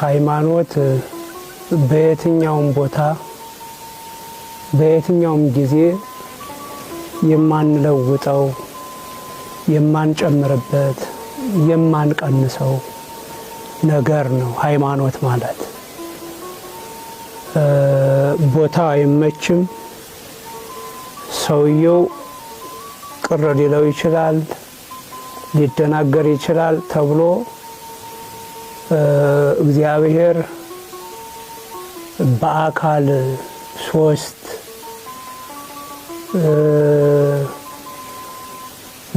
ሃይማኖት በየትኛውም ቦታ በየትኛውም ጊዜ የማንለውጠው የማንጨምርበት የማንቀንሰው ነገር ነው። ሃይማኖት ማለት ቦታ አይመችም፣ ሰውየው ቅር ሊለው ይችላል፣ ሊደናገር ይችላል ተብሎ እግዚአብሔር በአካል ሶስት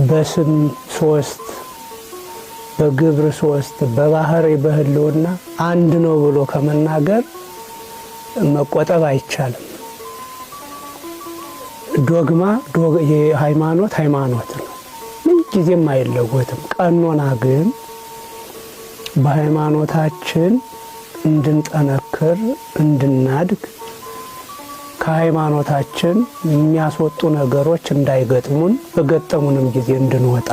በስም ሶስት በግብር ሶስት በባህሪ በህልውና አንድ ነው ብሎ ከመናገር መቆጠብ አይቻልም። ዶግማ ሃይማኖት ሃይማኖት ነው፣ ምንጊዜም አይለወትም። ቀኖና ግን በሃይማኖታችን እንድንጠነክር እንድናድግ ከሃይማኖታችን የሚያስወጡ ነገሮች እንዳይገጥሙን በገጠሙንም ጊዜ እንድንወጣ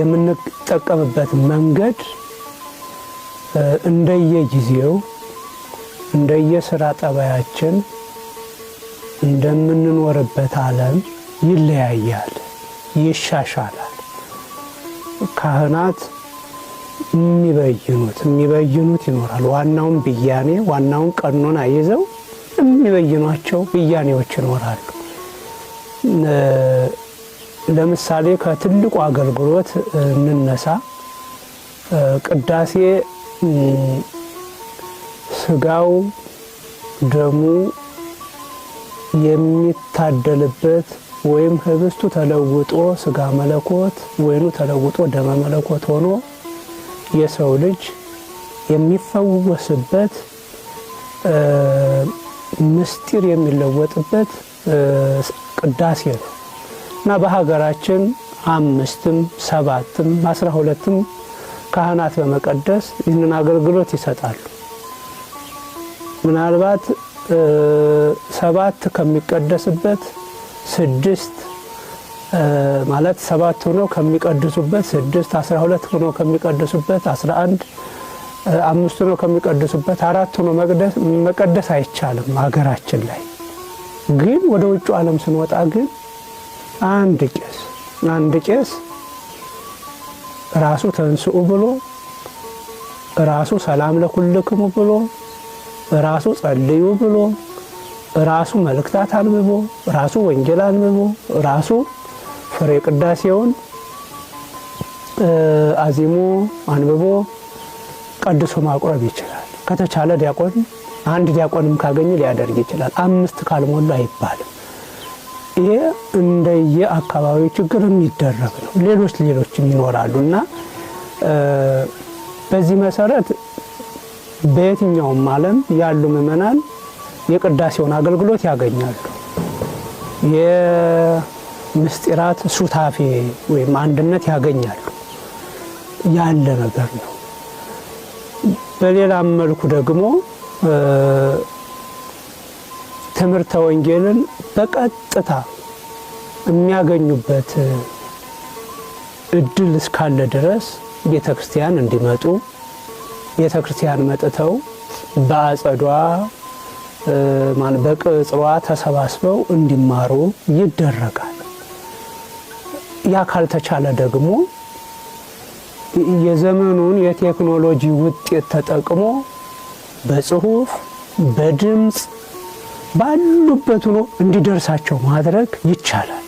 የምንጠቀምበት መንገድ እንደየጊዜው እንደየስራ ጠባያችን እንደምንኖርበት ዓለም ይለያያል፣ ይሻሻላል። ካህናት የሚበይኑት የሚበይኑት ይኖራል። ዋናውን ብያኔ ዋናውን ቀኖና ይዘው የሚበይኗቸው ብያኔዎች ይኖራሉ። ለምሳሌ ከትልቁ አገልግሎት እንነሳ። ቅዳሴ ስጋው ደሙ የሚታደልበት ወይም ህብስቱ ተለውጦ ስጋ መለኮት፣ ወይኑ ተለውጦ ደመ መለኮት ሆኖ የሰው ልጅ የሚፈወስበት ምስጢር የሚለወጥበት ቅዳሴ ነው እና በሀገራችን አምስትም ሰባትም አስራ ሁለትም ካህናት በመቀደስ ይህንን አገልግሎት ይሰጣሉ። ምናልባት ሰባት ከሚቀደስበት ስድስት ማለት ሰባት ሆኖ ከሚቀድሱበት ስድስት አስራ ሁለት ሆኖ ከሚቀድሱበት አስራ አንድ አምስት ሆኖ ከሚቀድሱበት አራት ሆኖ መቀደስ አይቻልም። ሀገራችን ላይ ግን ወደ ውጭ ዓለም ስንወጣ ግን አንድ ቄስ አንድ ቄስ ራሱ ተንስኡ ብሎ ራሱ ሰላም ለኩልክሙ ብሎ ራሱ ጸልዩ ብሎ ራሱ መልእክታት አንብቦ ራሱ ወንጌል አንብቦ ራሱ ፍሬ ቅዳሴውን አዚሞ አንብቦ ቀድሶ ማቁረብ ይችላል። ከተቻለ ዲያቆን አንድ ዲያቆንም ካገኘ ሊያደርግ ይችላል። አምስት ካልሞላ አይባልም። ይሄ እንደየ አካባቢው ችግር የሚደረግ ነው። ሌሎች ሌሎችም ይኖራሉ እና በዚህ መሰረት በየትኛውም አለም ያሉ ምዕመናን የቅዳሴውን አገልግሎት ያገኛሉ። የምስጢራት ሱታፌ ወይም አንድነት ያገኛሉ ያለ ነገር ነው። በሌላም መልኩ ደግሞ ትምህርተ ወንጌልን በቀጥታ የሚያገኙበት እድል እስካለ ድረስ ቤተ ክርስቲያን እንዲመጡ ቤተ ክርስቲያን መጥተው በአጸዷ በቅጽዋ ተሰባስበው እንዲማሩ ይደረጋል። ያ ካልተቻለ ደግሞ የዘመኑን የቴክኖሎጂ ውጤት ተጠቅሞ በጽሁፍ በድምፅ ባሉበት ሆኖ እንዲደርሳቸው ማድረግ ይቻላል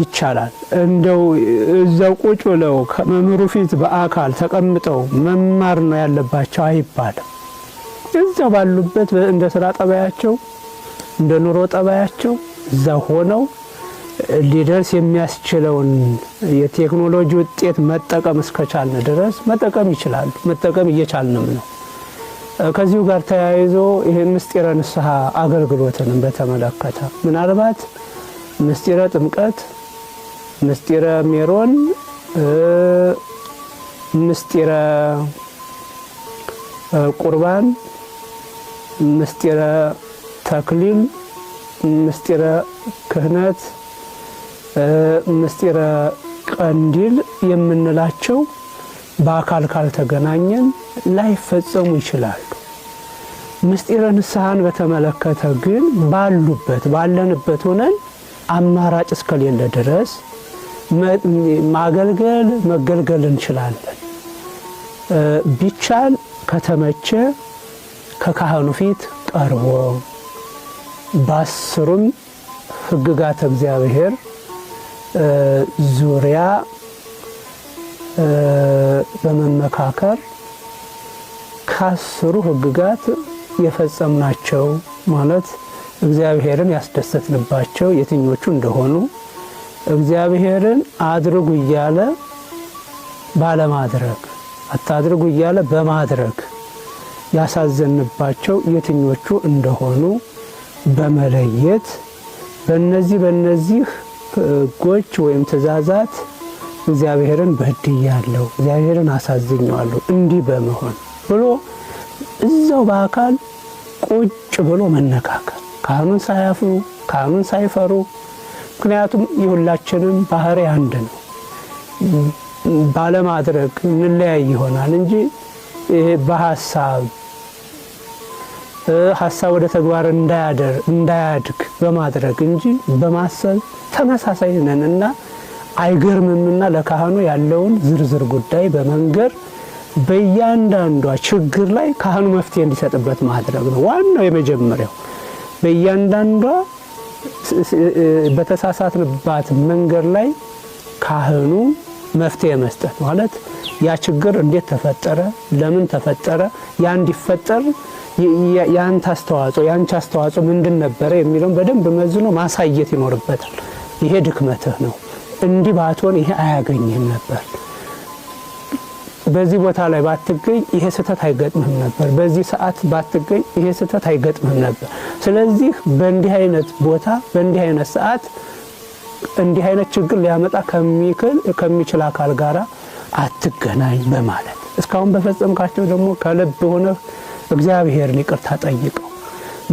ይቻላል። እንደው እዛው ቁጭ ብለው ከመምህሩ ፊት በአካል ተቀምጠው መማር ነው ያለባቸው አይባልም። እዛ ባሉበት እንደ ስራ ጠባያቸው እንደ ኑሮ ጠባያቸው እዛ ሆነው ሊደርስ የሚያስችለውን የቴክኖሎጂ ውጤት መጠቀም እስከቻልን ድረስ መጠቀም ይችላሉ። መጠቀም እየቻልንም ነው። ከዚሁ ጋር ተያይዞ ይህን ምስጢረ ንስሐ አገልግሎትንም በተመለከተ ምናልባት ምስጢረ ጥምቀት፣ ምስጢረ ሜሮን፣ ምስጢረ ቁርባን ምስጢረ ተክሊል፣ ምስጢረ ክህነት፣ ምስጢረ ቀንዲል የምንላቸው በአካል ካልተገናኘን ላይፈጸሙ ይችላሉ። ምስጢረ ንስሐን በተመለከተ ግን ባሉበት ባለንበት ሆነን አማራጭ እስከሌለ ድረስ ማገልገል መገልገል እንችላለን። ቢቻል ከተመቼ። ከካህኑ ፊት ቀርቦ በአስሩም ህግጋት እግዚአብሔር ዙሪያ በመመካከር ከአስሩ ህግጋት የፈጸምናቸው ማለት እግዚአብሔርን ያስደሰትንባቸው የትኞቹ እንደሆኑ እግዚአብሔርን አድርጉ እያለ ባለማድረግ አታድርጉ እያለ በማድረግ ያሳዘንባቸው የትኞቹ እንደሆኑ በመለየት በነዚህ በነዚህ ህጎች ወይም ትእዛዛት እግዚአብሔርን በድያለሁ፣ እግዚአብሔርን አሳዝኘዋለሁ እንዲህ በመሆን ብሎ እዛው በአካል ቁጭ ብሎ መነካከል ካህኑን ሳያፍሩ ካህኑን ሳይፈሩ። ምክንያቱም የሁላችንም ባህሪ አንድ ነው። ባለማድረግ እንለያይ ይሆናል እንጂ ይሄ በሀሳብ ሀሳብ ወደ ተግባር እንዳያድግ በማድረግ እንጂ በማሰብ ተመሳሳይ ነን እና አይገርምምና ለካህኑ ያለውን ዝርዝር ጉዳይ በመንገር በእያንዳንዷ ችግር ላይ ካህኑ መፍትሄ እንዲሰጥበት ማድረግ ነው ዋናው የመጀመሪያው። በእያንዳንዷ በተሳሳትንባት መንገድ ላይ ካህኑ መፍትሄ መስጠት ማለት ያ ችግር እንዴት ተፈጠረ፣ ለምን ተፈጠረ፣ ያ እንዲፈጠር ያንተ አስተዋጽኦ ያንቺ አስተዋጽኦ ምንድን ነበረ የሚለውን በደንብ መዝኖ ማሳየት ይኖርበታል። ይሄ ድክመትህ ነው፣ እንዲህ ባትሆን ይሄ አያገኝህም ነበር፣ በዚህ ቦታ ላይ ባትገኝ ይሄ ስህተት አይገጥምም ነበር፣ በዚህ ሰዓት ባትገኝ ይሄ ስህተት አይገጥምም ነበር። ስለዚህ በእንዲህ አይነት ቦታ በእንዲህ አይነት ሰዓት እንዲህ አይነት ችግር ሊያመጣ ከሚችል አካል ጋራ አትገናኝ በማለት እስካሁን በፈጸምካቸው ደግሞ ከልብ ሆነ እግዚአብሔርን ይቅርታ ጠይቀው።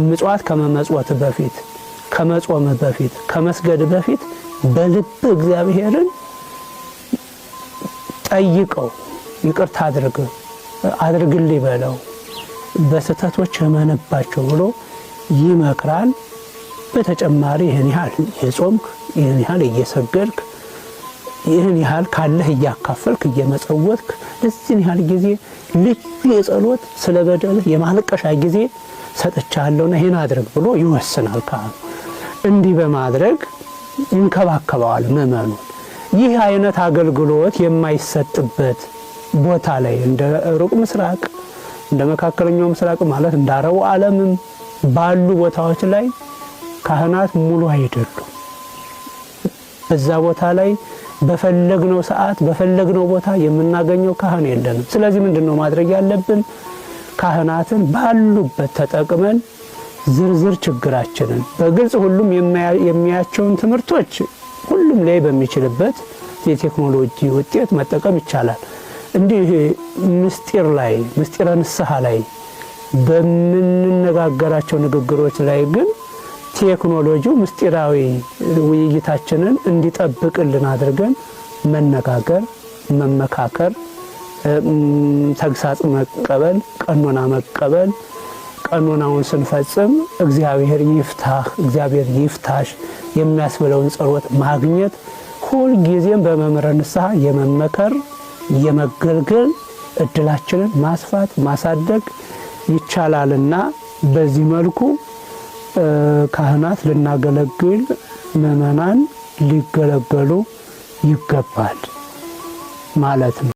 ምጽዋት ከመመጽወት በፊት ከመጾም በፊት ከመስገድ በፊት በልብ እግዚአብሔርን ጠይቀው፣ ይቅርታ አድርግ አድርግልኝ በለው፣ በስህተቶች የመነባቸው ብሎ ይመክራል። በተጨማሪ ይህን ያህል የጾምክ ይህን ያህል እየሰገድክ ይህን ያህል ካለህ እያካፈልክ እየመጸወትክ ለዚህን ያህል ጊዜ ልዩ የጸሎት ስለ በደልህ የማልቀሻ ጊዜ ሰጥቻለሁና ይህን አድረግ ብሎ ይወስናል ካህኑ። እንዲህ በማድረግ ይንከባከበዋል ምእመኑ። ይህ አይነት አገልግሎት የማይሰጥበት ቦታ ላይ እንደ ሩቅ ምስራቅ እንደ መካከለኛው ምስራቅ ማለት እንደ አረቡ ዓለምም ባሉ ቦታዎች ላይ ካህናት ሙሉ አይደሉም። በዛ ቦታ ላይ በፈለግነው ሰዓት በፈለግነው ቦታ የምናገኘው ካህን የለንም። ስለዚህ ምንድን ነው ማድረግ ያለብን? ካህናትን ባሉበት ተጠቅመን ዝርዝር ችግራችንን በግልጽ ሁሉም የሚያቸውን ትምህርቶች ሁሉም ላይ በሚችልበት የቴክኖሎጂ ውጤት መጠቀም ይቻላል። እንዲህ ምስጢር ላይ ምስጢረ ንስሐ ላይ በምንነጋገራቸው ንግግሮች ላይ ግን ቴክኖሎጂው ምስጢራዊ ውይይታችንን እንዲጠብቅልን አድርገን መነጋገር፣ መመካከር፣ ተግሳጽ መቀበል፣ ቀኖና መቀበል ቀኖናውን ስንፈጽም እግዚአብሔር ይፍታህ እግዚአብሔር ይፍታሽ የሚያስብለውን ጸሎት ማግኘት ሁልጊዜም በመምህረ ንስሐ የመመከር የመገልገል እድላችንን ማስፋት ማሳደግ ይቻላልና በዚህ መልኩ ካህናት ልናገለግል፣ ምእመናን ሊገለገሉ ይገባል ማለት ነው።